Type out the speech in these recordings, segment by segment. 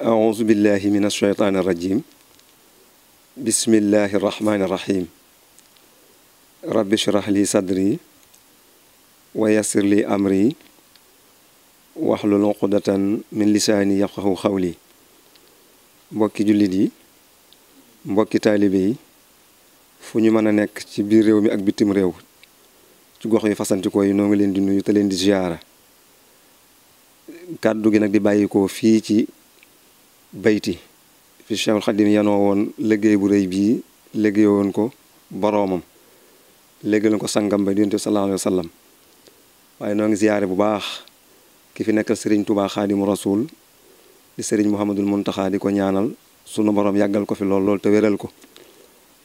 أعوذ بالله من الشيطان الرجيم بسم الله الرحمن الرحيم رب اشرح لي صدري ويسر لي أمري واحلل عقدة من لساني يفقه قولي mbokki jullit yi mbokki taalibe yi fu ñu mën a nekk ci biir réew mi ak bitim réew ci gox yi fasantikoo yi noo ngi leen di nuyu leen di ziyaara kàddu gi nag di bàyyikoo fii ci bayti fi Cheikhul Xadim yanoo woon liggéey bu rëy bii liggéey woon ko boroomam liggéey ko sangam ba yonent bi sallallahu alayhi wa waaye noo ngi ziyaare bu baax ki fi nekkal sëriñ Tuubaa Xaadimu Rasuul di sëriñ Muhammadul Muntaxaa di ko ñaanal sunu borom yàggal ko fi lool lool te wéral ko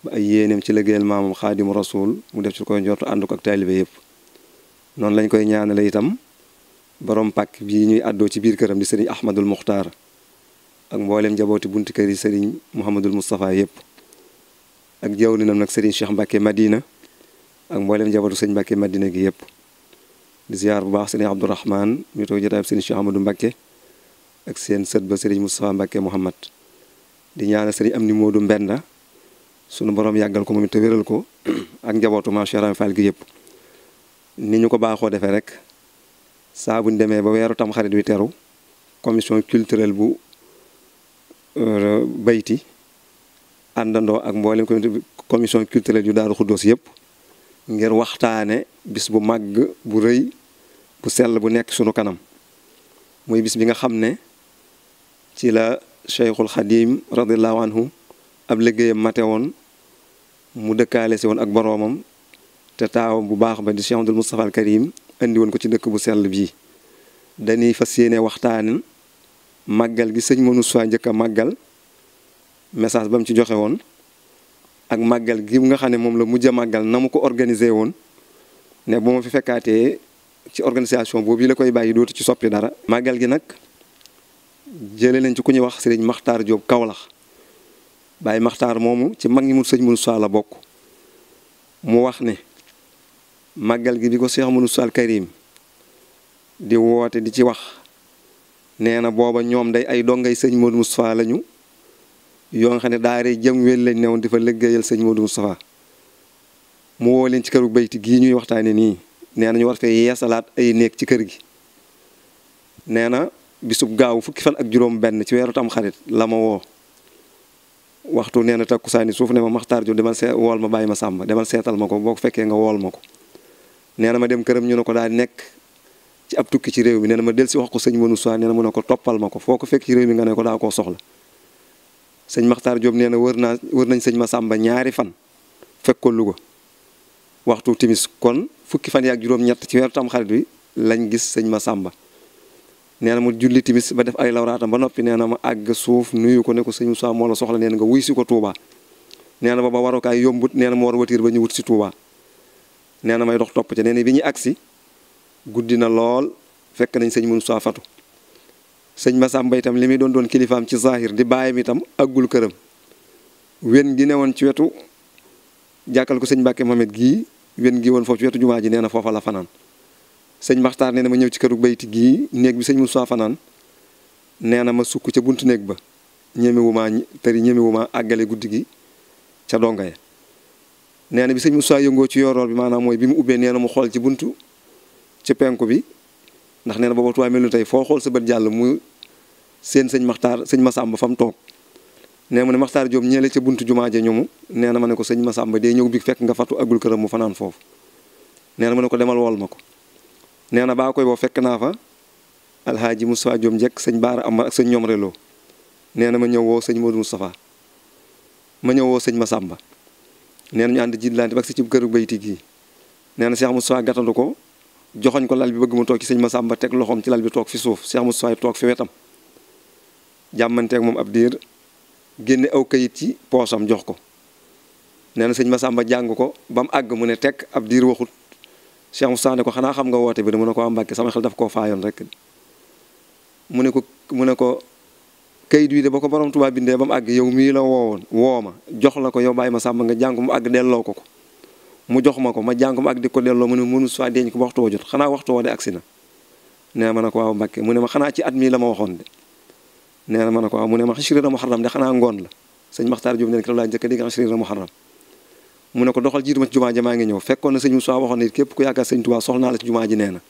ba ay yéeneem ci liggéeyal maamam Xaadimu Rasuul mu def ci koy njortu ànd ko ak taalibe yëpp noonu lañ koy ñaanale itam borom pàkk bii ñuy àddoo ci biir këram di sëriñ Ahmadul Muxtaar ak mboolem njabooti buntu kër yi sëriñ Mouhamadul Moustapha yëpp ak jawrinam nag sëriñ Cheikh Mbacke Madina ak mboolem njabootu sëriñ Mbacke Madina gi yëpp di ziar bu baax sëriñ Abdourahman mi toog jotaay sëriñ Cheikh Amadou Mbacke seen sët sëriñ Moustapha Mbacke Mouhamad di ñaanal sëriñ am ni Modou Mbenda sunu borom yàggal ko moom te wéral ko ak njabootu maam Cheikh Ibra gi yëpp ni ñu ko baaxoo defee rek saa bu demee ba weeru tam xarit wi teru commission culturelle bu bayti àndandoo ak mboolem commission culturelle yu Daaru Xuddoos yëpp ngir waxtaane bis bu màgg bu rëy bu sell bu nekk sunu kanam mooy bis bi nga xam ne ci la Cheikhul Xadim radiallahu anhu ab liggéeyam mate woon mu dëkkaale si woon ak boroomam te taawam bu baax ba di Cheikh Abdul Moustapha al Karim andi woon ko ci dëkk bu sell bii dañuy fas yéene waxtaan màggal gi sëñ Manoussa njëkk a màggal message ba mu ci joxe woon ak màggal gi nga xam ne moom la mujj màggal na mu ko organiser woon ne bu ma fi fekkaatee ci organisation boobu yi la koy bàyyi dootu ci soppi dara. màggal gi nag jële nañ ci ku ñuy wax sëriñ Maxtaar jóob kawlax Baye Maxtaar moomu ci mag ñi mu sëñ Manoussa la bokk mu wax ne màggal gi bi ko Cheikh Manoussa Karim di woote di ci wax. nee na booba ñoom dey ay dongay sëñ Modou Moustapha lañu yoo nga xam ne daaree jëm wel lañ newoon di fa liggéeyal sëñ Modou Moustapha mu woo leen ci këru bayti gii ñuy waxtaane nii nee na war fee yeesalaat ay néeg ci kër gi nee na bisub gaawu fukki fan ak juróom benn ci weeru tam xarit la ma woo waxtu nee na takkusaani suuf ne ma maxtaar ju demal see wool ma bàyyi ma sàmm demal seetal ma ko boo fekkee nga wool ma ko nee na ma dem këram ñu ne ko daal nekk ci ab tukki ci réew mi nee ma del si wax ko sëñ Manu Saa ne ko ma ko foo ko fekk ci ne ko koo soxla sëñ Maxtaar nee na wër naa wër nañ sëñ Masàmba ñaari fan fekk ko waxtu timis kon fukki fan yaak juróom ci weeru Tamxarit bi lañ gis sëñ Masàmba nee na mu julli timis ba def ay lawraatam ba noppi nee na ma àgg suuf nuyu ko ne ko sëñ Musaa la soxla nee nga wuy si ko Touba nee na ba ba warukaay yombut nee na ma war watiir ba ñu wut si Touba nee na may dox topp ca nee bi ñu agsi guddi na lool fekk nañ sëñ Moussa Fatou sëñ ma Massamba itam li may doon doon kilifaam ci zahir di bàyyam itam aggul këram wen gi ne woon ci wetu jàkkal ko sëñ Mbàkke Mohamed gii wen gi woon foofu ci wetu jumaa ji nee na foofa la fanaan sëñ Maxtaar nee na ma ñëw ci këru bayti gii néeg bi sëñ Moussa fanaan nee na ma sukk ca buntu néeg ba ñemewuma tëri ñemewuma àggale guddi gi ca donga ya nee na bi sëñ Moussa yëngoo ci yooroor bi maanaam mooy bi mu ubbee nee na mu xool ci buntu ci penku bi ndax nee na booba Tuubaa mel tey foo xool sa bët jàll mu seen sëñ maxtaar sëñ Masamba fa mu toog nee mu ne maxtaar ñeele ca buntu jumaa ja ñomu nee na ma ne ko sëñ ma sàmba day ñëw bi fekk nga fatu agul këram mu fanaan foofu nee na ma ne ko demal wol ma ko nee na baa koy boo fekk naa fa alhaaji Moustapha Jóob njëkk sëñ Baara Amar ak sëñ ñoom reloo nee na ma ñëw woo sëñ Modou Moustapha ma ñëwoo sëñ ma sàmba na ñu ànd jiitlante ba si ci këru bayti gii nee na Cheikh Moustapha gàttandu ko joxoñ ko lal bi bëgg mu toog ci sëñ sàmba teg loxoom ci lal bi toog fi suuf Cheikh Moustapha toog fi wetam jàmmanteeg moom ab diir génne aw kayit ci poosam jox ko nee na sëñ Masamba jàng ko ba mu àgg mu ne teg ab diir waxut Cheikh Moustapha ne ko xanaa xam nga woote bi dama ne ko am ah, Mbàkke sama xel daf koo faayoon rek mu ne ko mu ne ko kayit wi de ba ko borom Tuubaa bindee ba mu àgg yow mii la woowoon woo ma jox la ko yow bàyyi Masamba nga jàng mu àgg delloo ko ko. mu jox ma ko ma jàng ko ak di ko delloo mu ne mënu soi denc ko ba waxtu jot xanaa waxtu wa de agsi na nee ma ne ko waaw Mbàkke mu ne ma xanaa ci at mii la ma waxoon de nee na ma ne ko waaw mu ne ma xasirira muharram xanaa ngoon la sëñ Maxtaar Jóob neen ki laa njëkk dégg xasirira muharram mu ne ko doxal jiitu ma ci maa ngi ñëw fekkoon na sëñ Moussa waxoon képp ku yaakaar sëñ Tuubaa soxla naa la na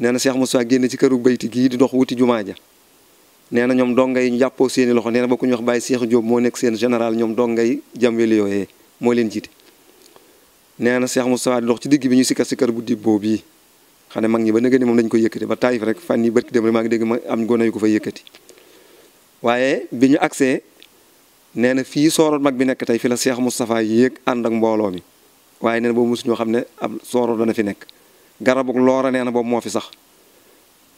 nee na Seex Moussa génn ci këru bayti gii di dox wuti jumaa ja nee na ñoom dongay jàppoo seeni loxo nee na ba ku ñu wax Baay Seex Jóob moo nekk seen général ñoom dongay jàmweli yooyee moo leen jiite nee na Cheikh Moustapha di dox ci digg bi ñu sikkar bu di boobu yi xam ne mag ñi ba nëgë ni moom dañ ko yëkkati ba taayif rek fan yi bërki dem rek maa ngi dégg ma am gone yu ko fa yëkkati waaye bi ñu agsee nee na fii sooroon mag bi nekk tey fi la Cheikh Moustapha yéeg ànd ak mbooloo mi waaye nee na boobu mosu ñoo xam ne ab sooroon dana fi nekk garabu loora nee na boobu moo fi sax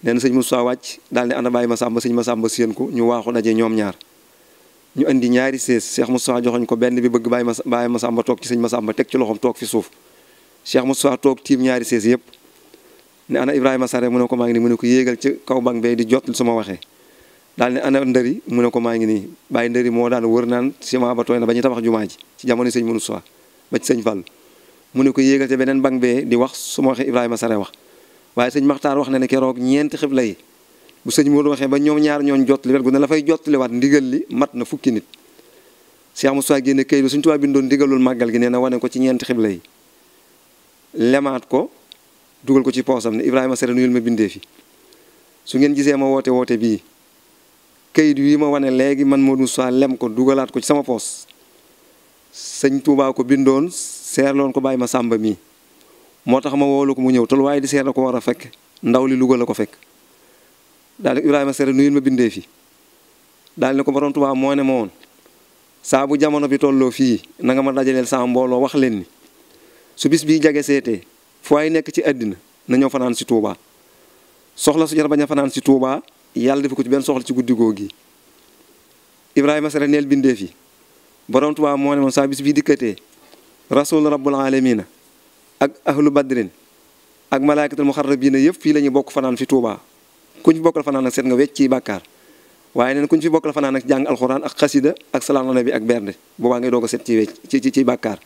nee na sëñ Moustapha wàcc daal ne ànd bàyyi ma sàmba sëñ ma sàmba séen ko ñu waaxu daje ñoom ñaar ñu indi ñaari sées Cheikh Moustapha joxoñ ko benn bi bëgg bàyyi ma bàyyi ma sàmba toog ci sëñ ma sàmba teg ci loxoom toog fi suuf Cheikh Moustapha toog tiim ñaari sées yëpp ne ana Ibrahima Sare mu ne ko maa ngi nii mu ko yéegal ci kaw bank bee di jot su ma waxee daal ne ana ndëri mu ne ko maa ngi nii bàyyi ndëri moo daan wër naan ciment ba tooy na ba ñu tabax jumaa ji ci jamono sëñ Moustapha ba ci sëñ Fall mu ne ko yéegal ci beneen bank bee di wax su ma waxee Ibrahima Sare wax waaye sëñ Maxtaar wax na ne keroog ñeenti xibla yi bu sëñ Modou waxee ba ñoom ñaar ñooñ jottali wet bu ne la fay jottaliwaat ndigal li mat na fukki nit Cheikh Moussa génne kayit bi suñ bindoon ndigalul màggal gi nee na wane ci ñeenti xibla yi lemaat ko dugal ko ci poosam ne Ibrahima Sere nuyul ma bindee su ngeen gisee ma woote woote bii kayit wi ma wane léegi man Modou Moussa lem ko dugalaat ko ci sama poos sëñ Touba ko bindoon seerloon ko bàyyi ma sàmba mii moo tax ma woolu ko mu ñëw tol waaye di seer a ko war a fekk ndaw li Louga la ko fekk daal Ibrahima Sere nuyul ma bindee fi daal ne ko borom Tuubaa moo ne ma saa bu jamono bi tolloo fii na nga ma dajaleel saa mbooloo wax leen ni su bis bii jage seetee fu nekk ci àddina na ñëw fanaan si Touba soxla su jar bañ a fanaan si Touba yàlla def ko ci benn soxla ci guddi googu gi Ibrahima Sere neel bindee fi borom Tuubaa moo ne ma saa bis bii dikkatee rasul rabbul alamina ak ahlu badrin ak malaaykatul muxarrabiina yëpp fii la ñuy bokk fanaan fi tuubaa kuñ fi bokkal fanaan nag seet nga wecc ci bàkkaar waaye neen kuñ fi bokkal fanaan nag jàng alxuraan ak xasida ak salaam ala bi ak bernde boobaa ngay doog a set ci wecc ci ci bàkkaar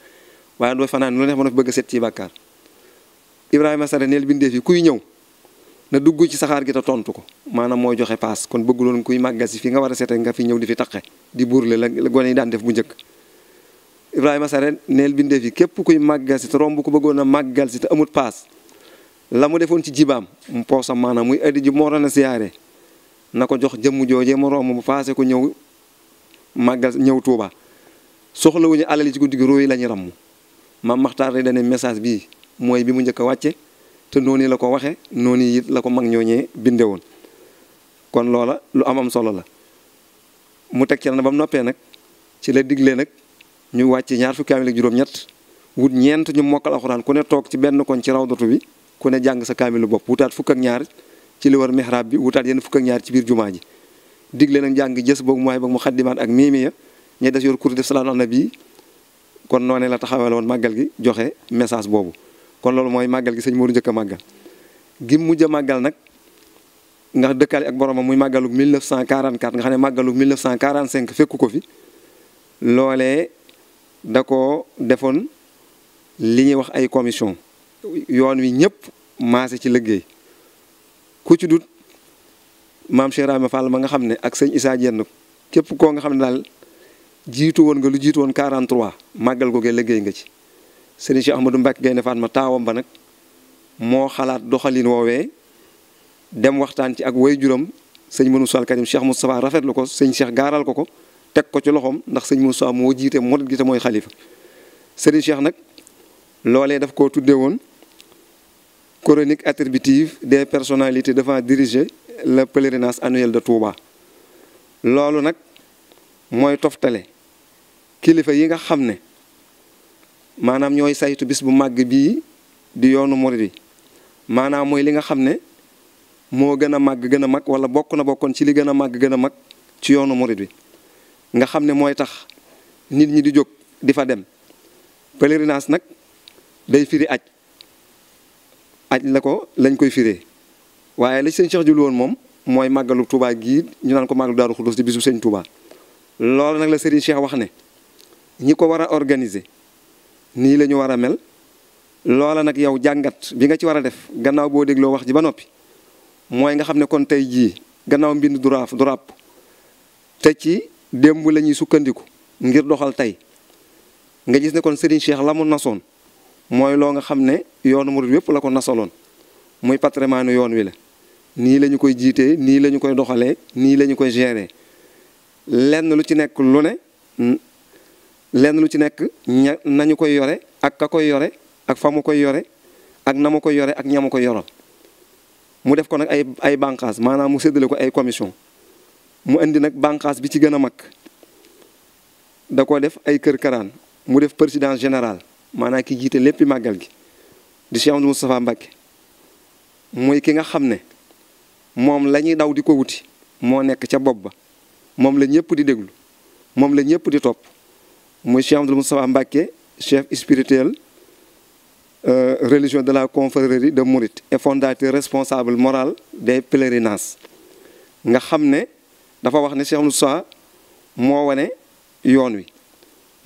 waaye doo fanaan lu neex ma bëgg a set Ibrahima Sare neel bindeef yi kuy ñëw na dugg ci saxaar gi te tontu ko maanaam mooy joxe paas kon bëgguloon kuy màggasi fi nga war a sete nga fi ñëw di fi taqe di buurle la gone yi daan def bu njëkk Ibrahima Sare neel bindeef yi képp kuy màggasi te romb ko bëggoon a màggal si te amut paas la mu defoon ci jibaam mu poosam maanaam muy addi ji moo doon a siyaare na ko jox jëmm joojee ma bu mu ko ñëw màggal ñëw Tuuba soxlawuñu alal yi ci guddi gi róoyi la ñu ramm maam Maxtaar day message bii mooy bi mu njëkk a wàcce te noonu la ko waxe noonu it la ko mag ñooñee binde woon kon loola lu amam solo la mu teg ci na ba mu noppee nag ci la diglee nag ñu wàcce ñaar fukki kaamil ak juróom-ñett wut ñeent ñu mokkal alxuraan ku ne toog ci benn koñ ci rawdatu bi ku ne jàng sa kaamilu bopp wutaat fukk ak ñaar ci li war mihraab bi wutaat yenn fukk ak ñaar ci biir jumaa ji digle nag jàng jës boog mooy boog mu xaddimaat ak miimiya ñay des yor kur def salaatu ala nabi kon noonee la taxawal woon màggal gi joxe message boobu kon loolu mooy màggal gi sëñ Moodu njëkk a màggal gi mujj a màggal nag nga dëkkaale ak boromam muy màggalu 1944 nga xam ne màggalu 1945 fekku ko fi loolee da ko defoon li ñuy wax ay commission yoon wi ñëpp maase ci liggéey ku ci dut maam Cheikh Rahma Fall nga xam ne ak sëñ Issa Dieng képp ko nga xam ne daal jiitu woon nga lu jiitu woon 43 màggal googee liggéey nga ci sëriñ Cheikh Ahmadou Mbacke Gaynde ma taawam ba nag moo xalaat doxalin woowee dem waxtaan ci ak way juróom sëñ Mënu Sall mu Cheikh rafet lu ko sëñ Cheikh gaaral ko ko teg ko ci loxoom ndax sëñ Moustapha moo jiite murit gi te mooy xalifa sëriñ Cheikh nag loolee daf koo tudde woon chronique attributive des personnalités devant diriger le pèlerinage annuel de Touba loolu nag mooy toftale kilifa yi nga xam ne maanaam ñooy saytu bis bu màgg bii di yoonu murid yi maanaam mooy li nga xam ne moo gën a màgg gën a mag wala bokk na bokkoon ci li gën a màgg gën a mag ci yoonu murid bi nga xam ne mooy tax nit ñi di jóg di fa dem pèlerinage nag day firi aj aj la ko lañ koy firee waaye la sëñ Cheikh jul woon moom mooy màggalu Touba gii ñu naan ko màggalu Daaru Xudus di bisu sëñ Touba loolu nag la Serigne Cheikh wax ne ñi ko war a organiser nii lañu ñu war a mel loola nag yow jàngat bi nga ci war a def gannaaw boo dégloo wax ji ba noppi mooy nga xam ne kon tey jii gannaaw mbind du raaf te ci démb la ñuy sukkandiku ngir doxal tey nga gis ne kon Serigne Cheikh la na nasoon mooy loo nga xam ne yoonu murit yëpp la ko nasaloon muy patrimoine yoon wi la nii la ñu koy jiitee nii la ñu koy doxalee nii lañu koy gérer lenn lu ci nekk lu ne lenn lu ci nekk ña nañu koy yore ak ka koy yore ak fa mu koy yore ak na mu koy yore ak ña mu koy yoral mu def ko nag ay ay bànqaas maanaam mu séddale ko ay commission mu indi nag bànqaas bi ci gën a mag da ko def ay kër karaan mu def président général maanaam ki jiite léppi màggal gi di Cheikh Amadou Moustapha Mbacke mooy ki nga xam ne moom la ñuy daw di ko wuti moo nekk ca bopp ba moom la ñëpp di déglu moom la ñëpp di topp muy Cheikh Amadou Moustapha Mbacke chef spirituel euh, religion de la confrérie de Mouride et fondateur responsable moral des pèlerinages nga xam ne dafa wax ne Cheikh Amadou Moustapha moo wane yoon wi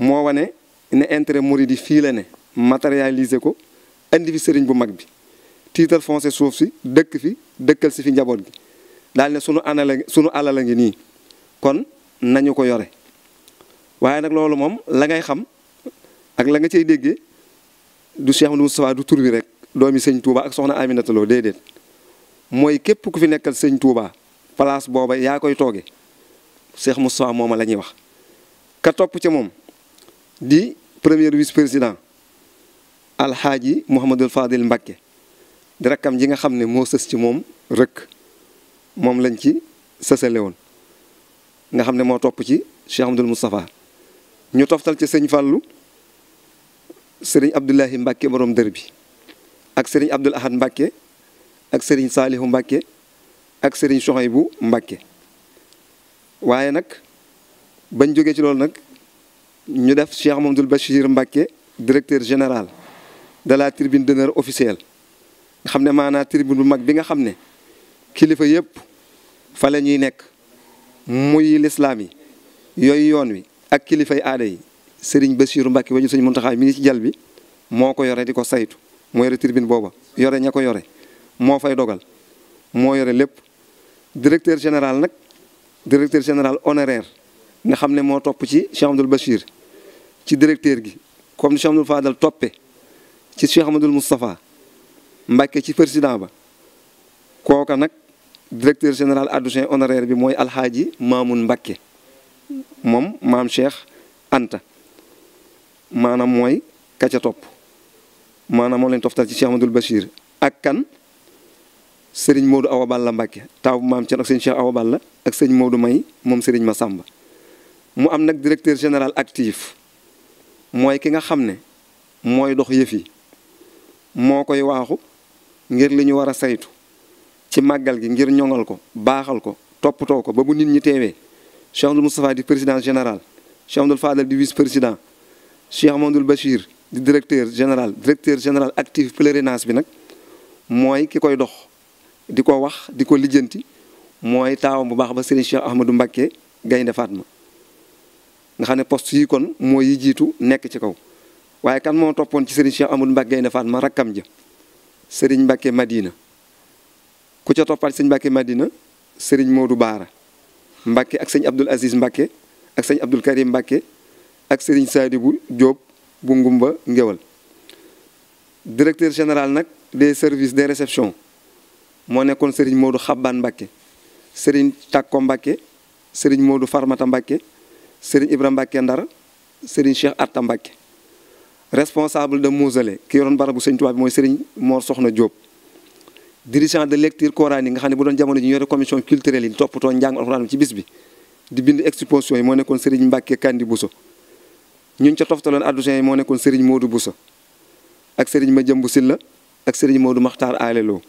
moo wane ne intérêt murid yi fii la ne matérialiser ko indi fi sëriñ bu mag bi tiital foncé suuf si dëkk fi dëkkal si fi njaboot gi daal ne sunu anala sunu alal a ngi nii kon nañu ko yore waaye nag loolu moom la ngay xam ak la nga cay déggee du Cheikh Ahmadou Moustapha du tur bi rek doomi sëñ Touba ak soxna Aminata Lo déedéet mooy képp ku fi nekkal sëñ Touba place booba yaa koy tooge Cheikh Moustapha mooma la ñuy wax ka topp ci moom di premier vice président alxaaji Mouhamadul Fadil Mbacké di rakkam ji nga xam ne moo sës ci moom rëkk moom lañ ci sësale woon nga xam ne moo topp ci Cheikh Amadul Moustapha ñu toftal ci sëñ Fallou sëriñ Abdoulahi Mbacké borom dër bi ak sëriñ Abdoul Ahad Mbacké ak sëriñ Saalihu Mbacké ak sëriñ bu Mbacké waaye nag bañ jógee ci loolu nag ñu def Cheikh Mamadou Bachir Mbacké directeur général de la tribune d'honneur officielle nga xam ne maanaa tribune bu mag bi nga xam ne kilifa yëpp fa la ñuy nekk muy lislaam yi yooyu yoon wi ak kilifay aada yi Serigne Bassirou Mbacké waju Serigne Mountakha mi ngi ci jal bi moo ko yore di ko saytu moo yore tribune booba yore ña ko yore moo fay dogal moo yore lépp directeur général nag directeur général honoraire nga xam ne moo topp ci Cheikh Abdoul Bachir ci directeur gi comme ni Cheikh Amadou Fadal toppe ci Cheikh Amadou Moustapha Mbacke ci président ba kooka nag directeur général adjoint honoraire bi mooy alxaaji Mamoun mbakke moom maam Cheikh Anta maanaam mooy kaca topp maanaam moom leen toftal ci Cheikh Amadou Bachir ak kan seriñ Modou Awa Balla Mbacke taaw maam Thierno ak sëñ Cheikh ak sëñ Modou May moom seriñ ma Massamba mu am nag directeur général actif mooy ki nga xam ne mooy dox yëf yi moo koy waaxu ngir li ñu war a saytu ci màggal gi ngir ñoŋal ko baaxal ko toppatoo ko ba bu nit ñi teewee Cheikh Amadou Moustapha di président général Cheikh Amadou Fadal di vice président Cheikh Amadou Bachir di directeur général directeur général actif pèlerinage bi nag mooy ki koy dox di ko wax di ko lijjanti mooy taawam bu baax ba Serigne Cheikh Ahmadou Mbacké Gaynde Fatma nga xam ne post yi kon moo yi jiitu nekk ci kaw waaye kan moo toppoon ci sëriñ Cheikh Amadou Mbacke Gaynde Fatma rakkam ja sëriñ Mbacke Madina ku ca toppaat sëñ Mbacke Madina sëriñ Modou Baara Mbacke ak sëñ Abdoul Aziz Mbacke ak sëñ Abdoul Karim Mbacke ak sëriñ bu Diop bu Ngumba Ngewal directeur général nag des services des réceptions moo nekkoon sëriñ Modou Xabbaan Mbacke sëriñ Takko Mbacke sëriñ Modou Farmata Mbacke Serigne Ibra Mbacke Ndar Serigne Cheikh Atta Mbacke responsable de mausolée ki yoroon barabu Serigne Touba bi mooy Serigne Mor Soxna Diop. dirigeant de lecture coranique nga xam ne bu jamono ji ñu yore commission culturelle yi toppatoo njàng alxuraan ci di bind exposition yi moo nekkoon Serigne Mbacke Kandi Bousso ñu ca toftaloon adjoint yi moo nekkoon Serigne Modou Bousso ak Serigne Madiambou Sylla ak Serigne Modou Makhtar Alelo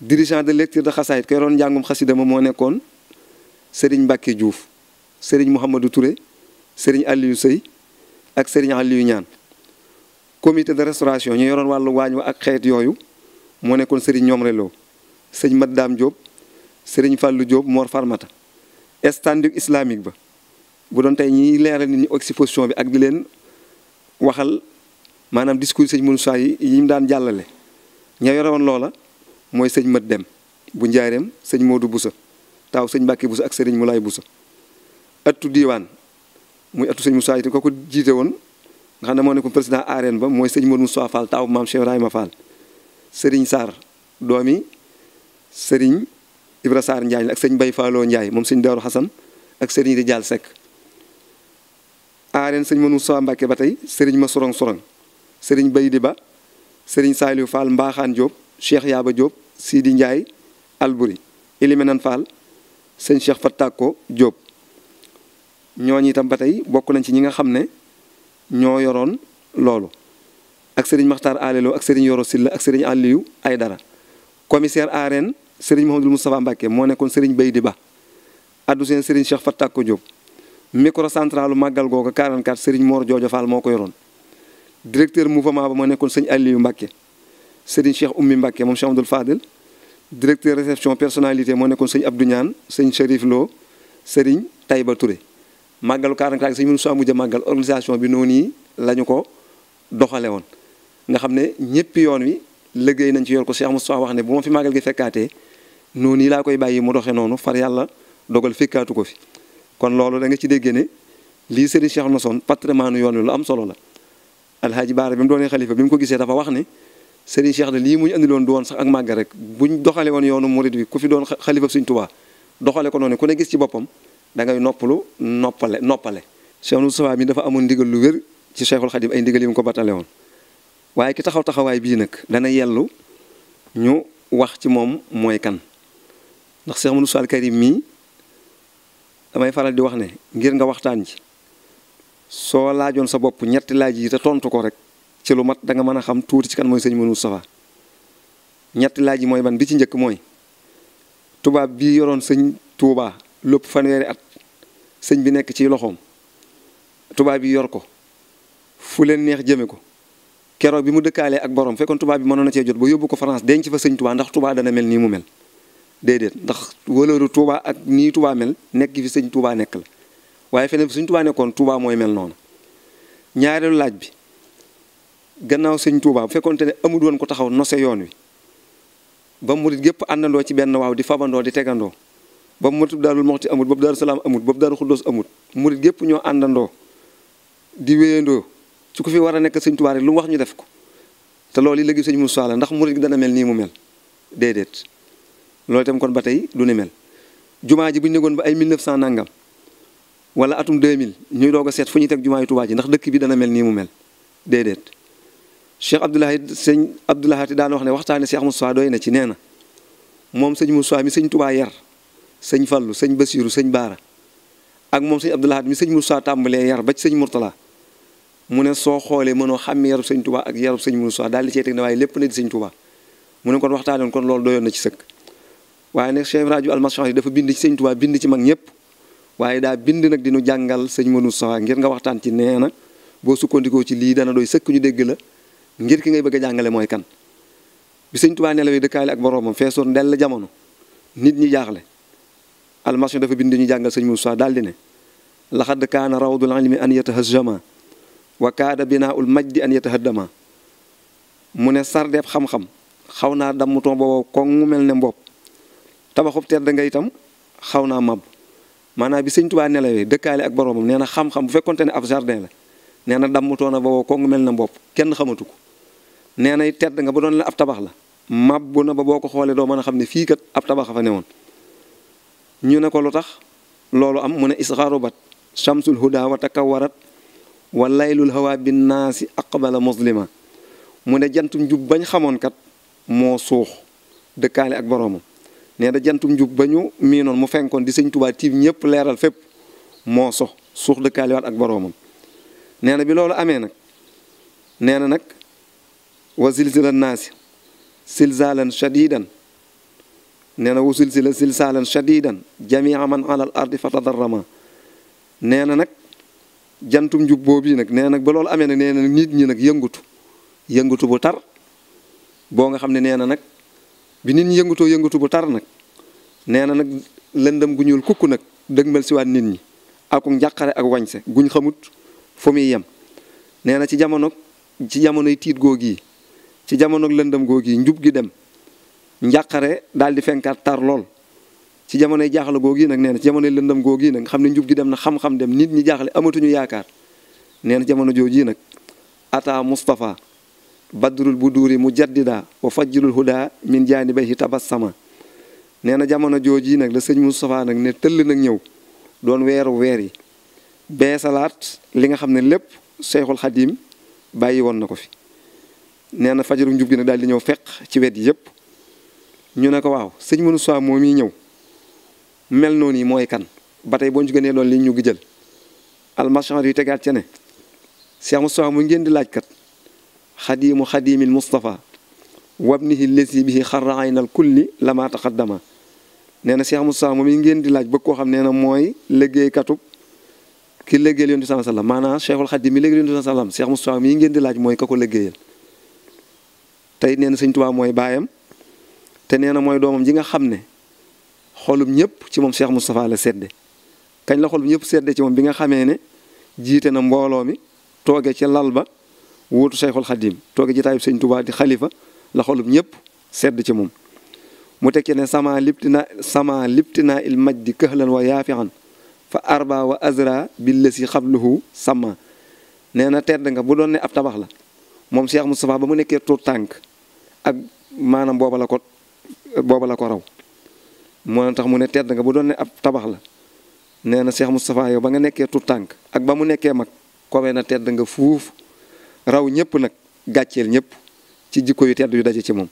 dirigeant de lecture de xasaayit ki yoroon njàngum xasida ma moo nekkoon Serigne Mbacke Diouf. sëriñ Mouhamadou ture sëriñ Aliou Sey ak sëriñ Aliou Ñaan comité de restauration ñu yoroon wàllu waañ wa ak xeet yooyu moo nekkoon sëriñ ñoom reloo sëñ Mat Daam Diop sëriñ Fàllu Diop Mor Farmata standing islamique ba bu doon tey ñiy leeral nit ñi exposition bi ak di leen waxal maanaam discours sëñ Moussa yi yi mu daan jàllale ña yore loola mooy sëñ Mat Dem bu njaareem sëñ Modou busa taaw sëñ Mbàkke Boussa ak sëriñ Moulay Boussa ëttu diiwaan muy ëttu sëñ Moussa itam kooku jiite woon nga xam ne moo ko président ARN ba mooy sëñ Modou Moussa Fall taawu maam Cheikh Ibrahima Fall Serigne Sarr doomi Serigne Ibra Sarr Ndiaye sëñ Bay Falloo Ndiaye moom sëñ Daaru Xasan ak Serigne di Jaal Seck ARN sëñ Modou Moussa Mbacke ba tey Serigne ma sorong sorong Serigne Bay di ba Serigne Saliou Fall Mbaaxaan Diop Cheikh Yaaba Diop Sidi Ndiaye Albouri Elimenan Fall sëñ Cheikh Fattako Diop. ñoo ñooñu itam ba tey bokk nañ ci ñi nga xam ne ñoo yoroon loolu ak sëriñ Maxtaar Alelo ak sëriñ Yoro Silla ak sëriñ Aliou Aydara commissaire arène sëriñ Mouhamadou Moustapha Mbacke moo nekkoon sëriñ Bay di Ba addu seen sëriñ Cheikh Fattako Diop micro centralu màggal googa 44 sëriñ Mor Joojo Fall moo ko yoroon directeur mouvement ba moo nekkoon sëñ Aliou Mbacke sëriñ Cheikh Oumy Mbacke moom Cheikh Abdoul Fadel directeur réception personnalité moo nekkoon sëñ Abdou Niane sëñ Chérif Lo sëriñ Taïba Touré màggalu 44 ak suñu soo mujj màggal organisation bi noonu yi la ñu ko doxale woon nga xam ne ñëpp yoon wi liggéey nañ ci yor ko seex Cheikh Moustapha wax ne boo ma fi màggal gi fekkaatee noonu yi laa koy bàyyi mu doxee noonu far yàlla dogal fekkaatu ko fi kon loolu da nga ci déggee ne lii Serigne Cheikh Nassone patrimoine yoon wi lu am solo la alhaaji baara bi mu doonee xalifa bi mu ko gisee dafa wax ne Serigne Cheikh na lii mu ñu andiloon du woon sax ak màgg rek buñ doxale woon yoonu murid bi ku fi doon xalifa Serigne Touba doxale ko noonu ku ne gis ci boppam da ngay noppalu noppale noppale Cheikh Moustapha mi dafa amoon ndigal lu wér ci Cheikhul Khadim ay ndigal yi mu ko batale woon waaye ki taxaw taxawaay bii nag dana yellu ñu wax ci moom mooy kan ndax Cheikh Moustapha al Karim mii damay faral di wax ne ngir nga waxtaan ci soo laajoon sa bopp ñetti laaj yi te tontu ko rek ci lu mat da mën a xam tuuti ci kan mooy sëñ Moustapha ñetti laaj yi mooy ban bi ci njëkk mooy tubaab bi yoroon sëñ Tuubaa lépp fanweeri at sëñ bi nekk ci loxoom tubaab yi yor ko fu leen neex jëme ko keroog bi mu dëkkaalee ak borom fekkoon tubaab bi mënoon na cee jot ba yóbbu ko France denc fa sëñ Touba ndax Touba dana mel nii mu mel déedéet ndax wëlëru Touba ak nii Touba mel nekk fi sëñ Touba nekk la waaye feneen bi sëñ Touba nekkoon tubaa mooy mel noonu ñaareelu laaj bi gannaaw sëñ Touba bu fekkoonte ne amul woon ko taxaw nose yoon wi ba mu murit gépp àndandoo ci benn waaw di fabandoo di tegandoo boobu mu daarul moxti amut boobu daaru salaam amut boobu daaru xuddoos amut murit gépp ñoo àndandoo di wéyandoo su ko fi war a nekk sëñ Tuubaa rek lu mu wax ñu def ko te loolu yi léegi sëñ Moussa la ndax murit gi dana mel nii mu mel déedéet loolu itam kon ba tey du ni mel jumaa ji bu ñu nekkoon ba ay 1900 nangam wala atum 2000 ñuy doog a seet fu ñuy teg jumaa yu Tuubaa ji ndax dëkk bi dana mel nii mu mel déedéet Cheikh Abdoulahi sëñ Abdoulahaati daan wax ne waxtaane Cheikh Moussa doy na ci nee na moom sëñ Moussa mi sëñ Tuubaa sëñ Fallou sëñ Basiiru sëñ Baara ak moom sëñ Abdoulahat mi sëñ Moussa tàmbalee yar ba ci sëñ Mourtala mu ne soo xoolee mënoo xàmme yarub sëñ Touba ak yarub sëñ Moussa daal di cee teg ne lépp na di sëñ mu ne kon waxtaanoon kon loolu doyoon na ci sëkk waaye nag Cheikh rajo almashan yi dafa bind ci sëñ Touba bind ci mag ñëpp waaye daa bind nag dinu jàngal sëñ Moussa ngir nga waxtaan ci nee na boo sukkandikoo ci lii dana doy sëkk ñu dégg la ngir ki ngay bëgg a jàngale mooy kan bi sëñ Touba nelawee dëkkaale ak boroomam feesoon dell jamono nit ñi jaaxle almasiix dafa bind ñu jàngal sëñ Moussa daal di ne laxad kaana rawdul ilmi an yatahajama wa kaada binaaul majdi an yatahaddama mu ne sardeeb xam-xam xaw naa dammuton boobu ko mu mel ne mbopp tabaxub tedd nga itam xaw naa mab maanaam bi sëñ Tuubaa nelawee dëkkaale ak boroomam nee na xam bu fekkonte ne ab jardin la nee na dammutoon na boobu ko mu mel ne mbopp kenn xamatu ko nee nay tedd nga ba doon la ab tabax la mab bu na ba boo ko xoolee doo mën a xam ne fii kat ab tabaxa a fa newoon ñu ne ko lu tax loolu am mu ne isxarubat shamsul huda wa takawarat wa laylul hawa bin naasi aqbala muslima mu ne jantum jub bañ xamoon kat moo suux dëkkaale ak boroomam nee na jantum jub ba ñu miinoon mu fenkoon di sëñ tiim ñëpp leeral fépp moo suux dëkkaale waat ak boroomam nee na bi loolu amee nag nee na nag wa zilzilan naasi silzalan shadidan nee na wa silsila silsaalan shadidan jamia man alal ardi fatadarrama nee na nag jantum njub boobu yi nag nee nag ba loolu amee nag nee nag nit ñi nag yëngutu yëngutu bu tar boo nga xam ne nee na nag bi nit ñi yëngutoo bu tar nag nee na nag lëndëm gu ñuul kukk nag dëgmal siwaat nit ñi ak njàqare ak wañse guñ xamut fu muy yem nee na ci jamono ci jamonoy tiit googi ci jamono lëndëm googi njub gi dem njàqare daal di fenkaat tar lool ci jamonoy jaaxle googu yi nag nee na ci jamonoy lëndam googu yi nag xam ne njub gi dem na xam-xam dem nit ñi jaaxle amatuñu yaakaar nee na jamono jooju nag ata Mustafa badrul buduri mujaddida wa fajjirul huda min jaanibayhi tabassama nee na jamono jooju nag la sëñ Moustapha nag ne tëll nag ñëw doon weeru weer yi beesalaat li nga xam ne lépp Seexul Xadiim bàyyi woon na ko fi nee na fajaru njub gi nag daal di ñëw feq ci wet yi yëpp ñu ne ko waaw sëñ mënu Moustapha moom miy ñëw mel noonu yi mooy kan ba tey boo ñu gënee loolu li ñu ngi jël almachanr yu tegaat ca ne Cheikh Moustapha mu ngeen di laajkat xadiimu xadiimil Moustapha wabnihi lesi bihi xarraayinal kulli lama taqaddama nee na Cheikh Moustapha moom yi ngeen di laaj bëgg koo xam nee na mooy liggéeykatub ki liggéeyal yonent bi sallallahu alayhi wasallam maanaam mi liggéeyal yonent bi sallallahu alayhi wasallam Cheikh mii ngeen di laaj mooy ka ko liggéeyal tey nee sëñ Tuubaa mooy baayam te nee na mooy doomam ji nga xam ne xolum ñëpp ci moom Cheikh Moustapha la sedde kañ la xolum ñëpp sedde ci moom bi nga xamee ne jiite na mbooloo mi tooge ci lal ba wuutu Cheikhul Khadim tooge ci taayub Sëñ Tuubaa di xalifa la xolum ñëpp sedd ci moom mu tekkee ne sama liptina sama liptina il majdi këhlan wa yaafian fa arba wa azra billasi xabluhu sama nee na tedd nga bu doon ne ab tabax la moom Cheikh Moustapha ba mu nekkee tuut tànk ak maanaam booba la ko booba la ko raw moo tax mu ne tedd nga bu doon ne ab tabax la nee na Cheikh Moustapha yow ba nga nekkee tut tànk ak ba mu nekkee mag kowee na tedd nga fuuf raw ñëpp nag gàcceel ñëpp ci jikko yu tedd yu daje ci moom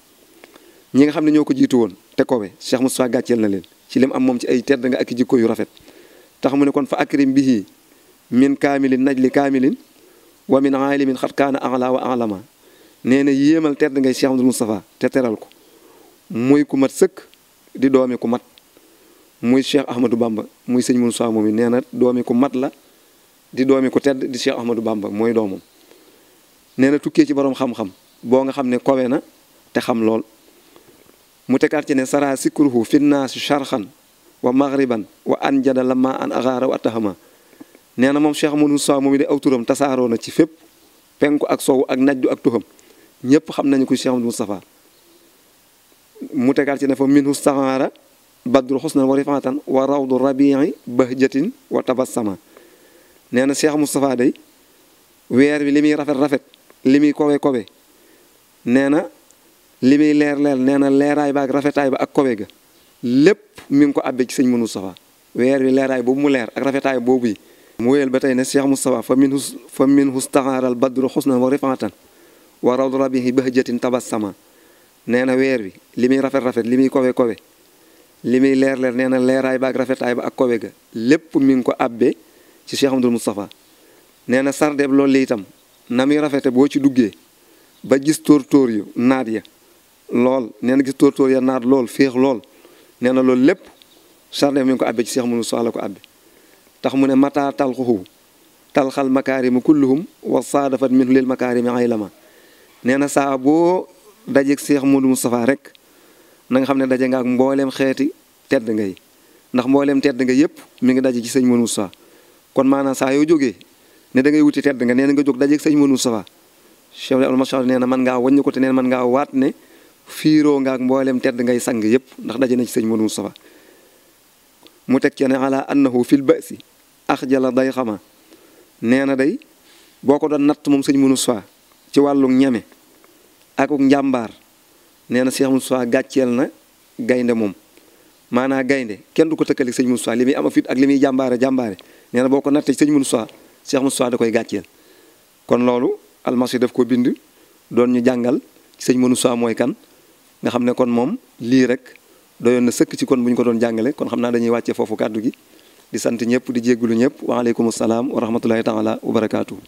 ñi nga xam ne ñoo ko jiitu woon te kowe Cheikh Moustapha gàcceel na leen ci lim am moom ci ay tedd nga ak jikko yu rafet tax mu ne kon fa akrim bihi min kaamilin najli kaamilin wa min aalimin xat kaana ala wa alama nee na yéemal tedd ngay Cheikh Moustapha te teral ko muy ku mat sëkk di doomi ku mat muy Cheikh Ahmadou Bamba muy sëñ Moussa moom yi nee na doomi ku mat la di doomi ku tedd di Cheikh Ahmadou Bamba mooy doomam nee na tukkee ci borom xam-xam boo nga xam ne kowe na te xam lool mu tekaat ci ne sara sikruhu finnaasu charxan wa maghriban wa an jada lama an agaara wa atahama nee na moom Cheikh Ahmadou Moussa moom yi de aw turam tasaaroo na ci fépp penku ak sowu ak najju ak tuxam ñëpp xam nañu ko Cheikh Ahmadou Moustapha mu tegaat ci ne fa minhu saxaara badru xusnan wa rifaatan wa rawdu rabii bahjatin wa tabassama nee na Cheikh Moustapha day weer bi li muy rafet rafet li muy kowe kowe nee na li muy leer leer nee na leeraay ba ak rafetaay ba ak kowe ga lépp mu ngi ko abbee ci sëñ Moustapha weer wi leeraay boobu mu leer ak rafetaay boobu yi mu wéyal ba tey ne seex Moustapha fa minhu fa minhu staxaaral badru xusnan wa rifaatan wa rawdu rabii bahjatin tabassama nee na weer wi li muy rafet rafet li muy kowe kowe li muy leer leer nee na leeraay ba ak rafetaay ba ak kowe ga lépp mi ngi ko abbee ci Cheikh Amadou Moustapha nee na sardeeb loolu la itam na muy rafete boo ci duggee ba gis tóor tóor yu naat ya lool nee na gis tóor tóor naat lool féex lool nee na loolu lépp sardeeb mi ko abbee ci Cheikh Amadou Moustapha ko abbee tax mu ne mataa talxuhu talxal makaarimu kulluhum wa saadafat minhu lil makaarimi saa boo dajeeg Seex Moodu Moustapha rek na nga xam ne daje nga ak mbooleem xeeti tedd nga yi ndax mbooleem tedd nga yëpp mu ngi daje ci sëñ Moodu Moustapha kon maanaam saa yoo jógee ne da ngay wuti tedd nga nee na nga jóg dajeeg sëñ Moodu Moustapha Cheikh Abdou Machar nee na mën ngaa wàññi ko te nee mën ngaa waat ne fiiroo nga ak mbooleem tedd ngay sang yëpp ndax daje na ci sëñ Moodu Moustapha mu teg ci ne ala annahu fil ba'si axjala day xama nee na day boo ko doon natt moom sëñ Moodu Moustapha ci wàllu ñeme akuk njàmbaar nee na Cheikh Moussa gàcceel na gaynde moom maanaa gaynde kenn du ko tëkkalik sëñ Moussa li muy am fit ak li muy jàmbaare jàmbaare nee boo ko nattee sëñ Moussa Cheikh Moussa da koy gàcceel kon loolu almasi def ko bind doon ñu jàngal sëñ Moussa mooy kan nga xam ne kon moom lii rek doyoon na sëkk ci kon bu ñu ko doon jàngale kon xam naa dañuy wàcce foofu kàddu gi di sant ñëpp di jéggulu ñëpp waaleykum salaam wa rahmatullahi taala wa